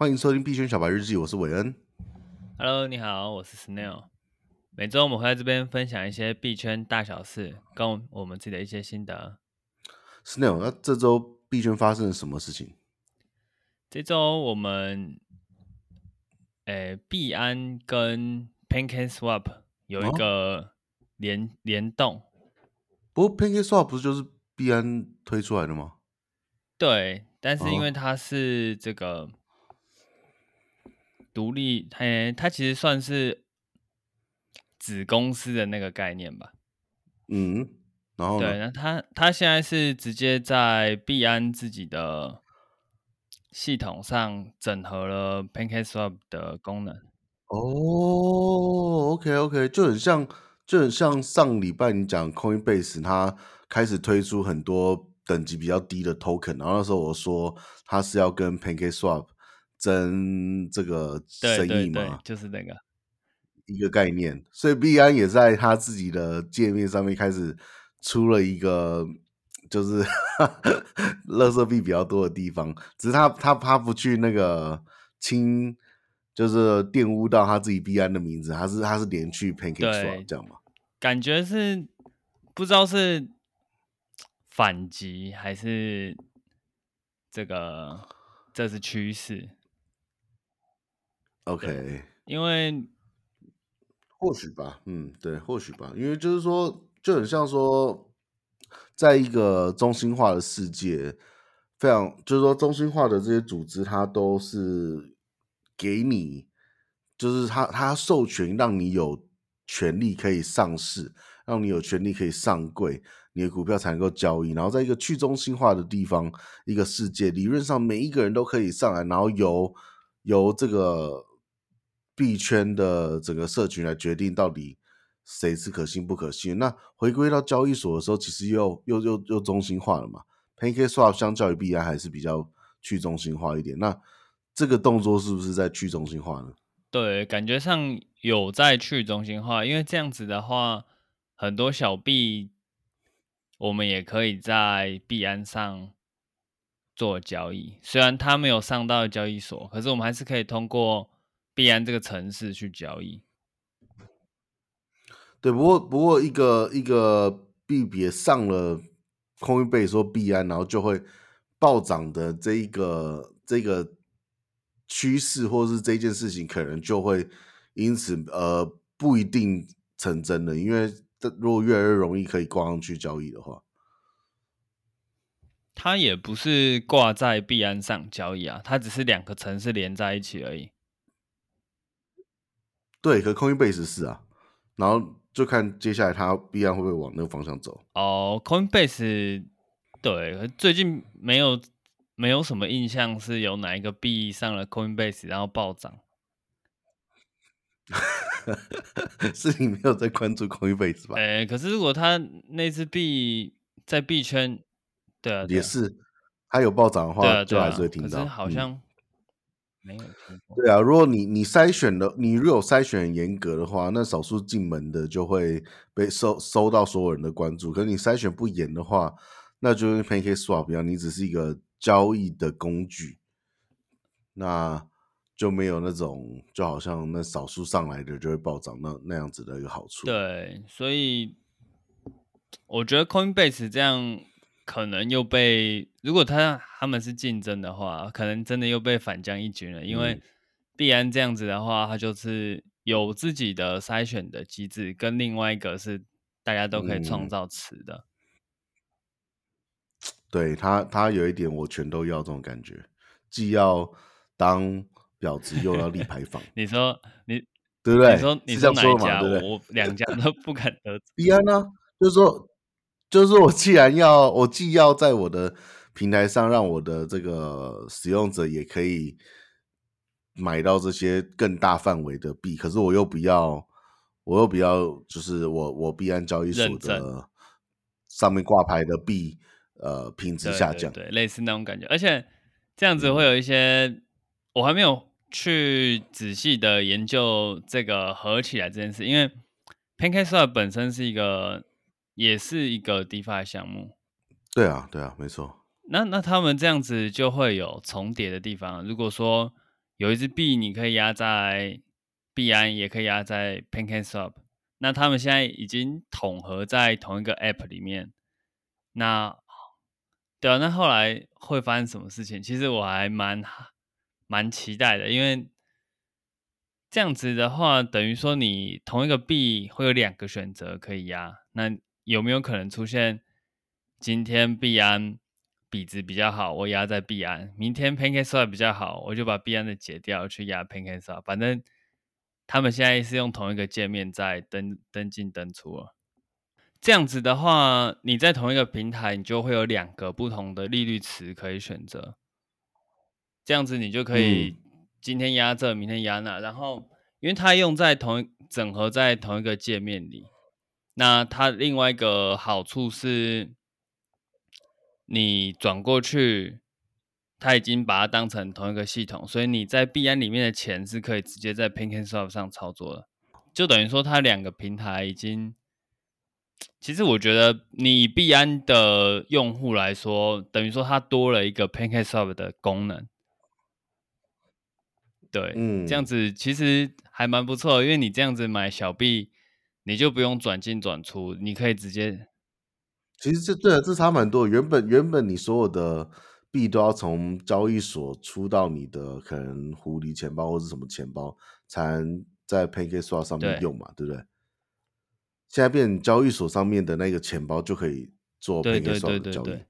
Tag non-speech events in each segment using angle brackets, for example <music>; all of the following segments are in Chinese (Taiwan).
歡迎收聽幣圈小白日記，我是韋恩。Hello，你好，我是 Snail。每周我們會在這邊分享一些幣圈大小事，跟我們自己的一些心得。Snail，那這週幣圈發生了什麼事情？這週我們，誒，幣安跟 Pancake Swap 有一個聯、啊、聯，聯動。不過 Pancake Swap 不是就是幣安推出來的嗎？對，但是因為它是這個。啊獨立，哎，它其實算是子公司的那個概念吧。嗯，然後對，那它它現在是直接在幣安自己的系統上整合了 PancakeSwap 的功能。哦、oh，OK OK，就很像，就很像上禮拜你講 Coinbase 它開始推出很多等級比較低的 Token，然後那時候我說它是要跟 PancakeSwap。真這個生意嘛，就是那個一個概念，所以幣安也在他自己的界面上面開始出了一個就是樂色幣比較多的地方，只是他他他不去那個清，就是玷污到他自己幣安的名字，他是他是連續 Pancakeswap 這樣嘛？感覺是不知道是反擊還是這個這是趨勢。OK，因為或許吧，嗯，對，或許吧，因為就是說，就很像說，在一個中心化的世界，非常就是說，中心化的這些組織，它都是給你，就是它它授權讓你有權利可以上市，讓你有權利可以上櫃，你的股票才能夠交易。然後在一個去中心化的地方，一個世界，理論上每一個人都可以上來，然後由由這個。幣圈的整個社群來決定到底誰是可信不可信。那回歸到交易所的時候，其實又又又又中心化了嘛？PancakeSwap 相較於幣安還是比較去中心化一點。那這個動作是不是在去中心化呢？對，感覺上有在去中心化，因為這樣子的話，很多小幣我們也可以在幣安上做交易，雖然它沒有上到交易所，可是我們還是可以通過。幣安這個城市去交易，對，不過不過一個一個幣別上了空一倍說幣安，然後就會暴漲的這一個這個趨勢，或是這件事情，可能就會因此呃不一定成真的，因為這如果越來越容易可以掛上去交易的話，它也不是掛在幣安上交易啊，它只是兩個城市連在一起而已。對，和 Coinbase 是啊，然後就看接下來它幣安會不會往那個方向走。哦、oh，Coinbase 對，最近沒有沒有什麼印象是有哪一個幣上了 Coinbase 然後暴漲。 <laughs> 是你沒有在關注 Coinbase 吧？哎、欸，可是如果他那隻幣在幣圈，對、啊對啊、也是，他有暴漲的話，對啊對啊、就還是會聽到。沒有。對啊，如果你你篩選的，你如果篩選嚴格的話，那少數進門的就會被收收到所有人的關注。可是你篩選不嚴的話，那就跟 Pancakeswap 比樣，你只是一個交易的工具，那就沒有那種就好像那少數上來的就會暴漲那那樣子的一個好處。對，所以我覺得 Coinbase 這樣。可能又被，如果他他們是競爭的話，可能真的又被反將一軍了。嗯、因為幣安這樣子的話，他就是有自己的篩選的機制，跟另外一個是大家都可以創造詞的。嗯、對他，他有一點我全都要這種感覺，既要當婊子又要立牌坊。 <laughs> 你說你對不對？你說是哪一家？對，對，我兩家都不敢得罪。嗯。幣安呢、啊，就是說。就是我既然要，我既要在我的平台上讓我的這個使用者也可以買到這些更大範圍的幣，可是我又不要，我又不要，就是我我幣安交易所的上面掛牌的幣，呃，品質下降，對，對，對，類似那種感覺。而且這樣子會有一些，嗯，我還沒有去仔細的研究這個合起來這件事，因為 PancakeSwap 本身是一個。也是一個 DeFi 項目，對啊，對啊，沒錯。那那他們這樣子就會有重疊的地方，啊。如果說有一隻幣，你可以壓在幣安，也可以壓在 PancakeSwap，那他們現在已經統合在同一個 App 裡面。那對啊，那後來會發生什麼事情？其實我還蠻蠻期待的，因為這樣子的話，等於說你同一個幣會有兩個選擇可以壓。那有沒有可能出現今天幣安比值比較好，我壓在幣安；明天 PancakeSwap 比較好，我就把幣安的解掉去壓 PancakeSwap。反正他們現在是用同一個界面在登登進登出啊。這樣子的話，你在同一個平台，你就會有兩個不同的利率池可以選擇。這樣子你就可以今天壓這，明天壓那，然後因為它用在同整合在同一個界面裡。那它另外一個好處是，你轉過去，他已經把它當成同一個系統，所以你在幣安裡面的錢是可以直接在 PancakeSwap 上操作的，就等於說它兩個平台已經，其實我覺得你幣安的用戶來說，等於說它多了一個 PancakeSwap 的功能，對，嗯，這樣子其實還蠻不錯的，因為你這樣子買小幣。你就不用轉進轉出，你可以直接。其實這對啊，這差蠻多。原本原本你所有的幣都要從交易所出到你的可能狐狸錢包或是什麼錢包，才能在 PancakeSwap 上面用嘛，對,對不對？現在變成交易所上面的那個錢包就可以做 PancakeSwap 的交易。對對對對對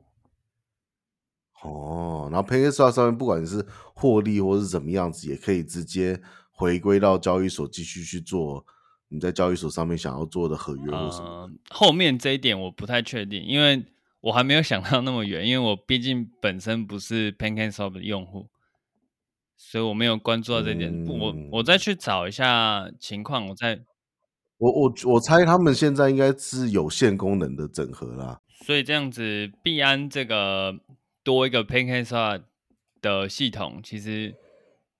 哦，然後 PancakeSwap 上面不管你是獲利或是怎麼樣子，也可以直接回歸到交易所繼續去做。你在交易所上面想要做的合約、呃、後面這一點我不太確定，因為我還沒有想到那麼遠，因為我畢竟本身不是 PancakeSwap 的用戶，所以我沒有關注到這一點。嗯、我我再去找一下情況。我再我我我猜他們現在應該是有限功能的整合啦。所以這樣子，幣安這個多一個 PancakeSwap 的系統，其實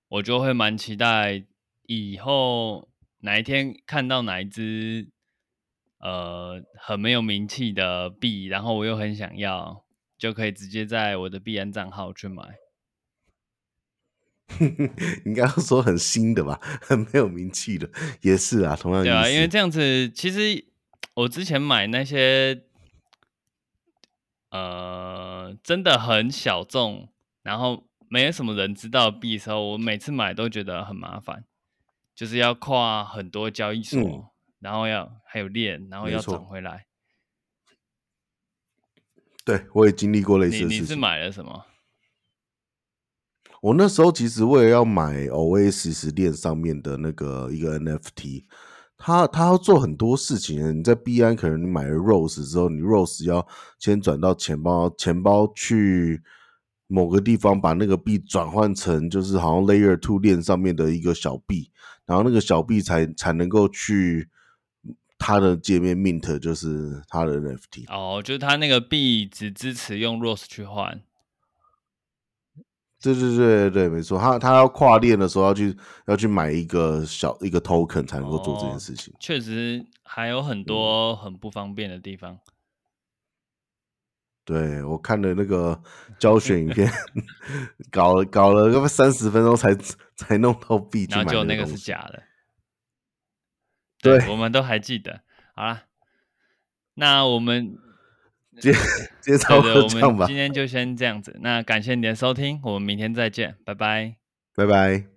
我就會蠻期待以後。哪一天看到哪一隻，呃，很沒有名氣的幣，然後我又很想要，就可以直接在我的幣安賬號去買。 <laughs> 你應該說很新的吧，很沒有名氣的也是啊，同樣的，對啊，因為這樣子，其實我之前買那些，呃，真的很小眾，然後沒有什麼人知道幣的時候，我每次買都覺得很麻煩。就是要跨很多交易所，嗯、然後要還有鏈，然後要轉回來。對，我也經歷過類似的事情。你是買了什麼？我那時候其實為了要買 Oasis 鏈上面的那個一個 NFT，它它要做很多事情。你在幣安可能你買了 Rose 之後，你 Rose 要先轉到錢包，錢包去，某個地方把那個幣轉換成，就是好像 layer two 鏈上面的一個小幣，然後那個小幣才才能夠去它的界面 mint，就是它的 NFT。哦，就是它那個幣只支持用 Rose 去換。對對對對，沒錯，它它要跨鏈的時候要去要去買一個小一個 token 才能夠做這件事情。哦，確實還有很多很不方便的地方。嗯對，我看的那個教學影片， <laughs> 搞，搞了搞了，要不三十分鐘才才弄到 b，然後就那個是假的。對，對，我們都還記得。好了，那我們接接着我今天就先這樣子。那感謝你的收聽，我們明天再見，拜拜，拜拜。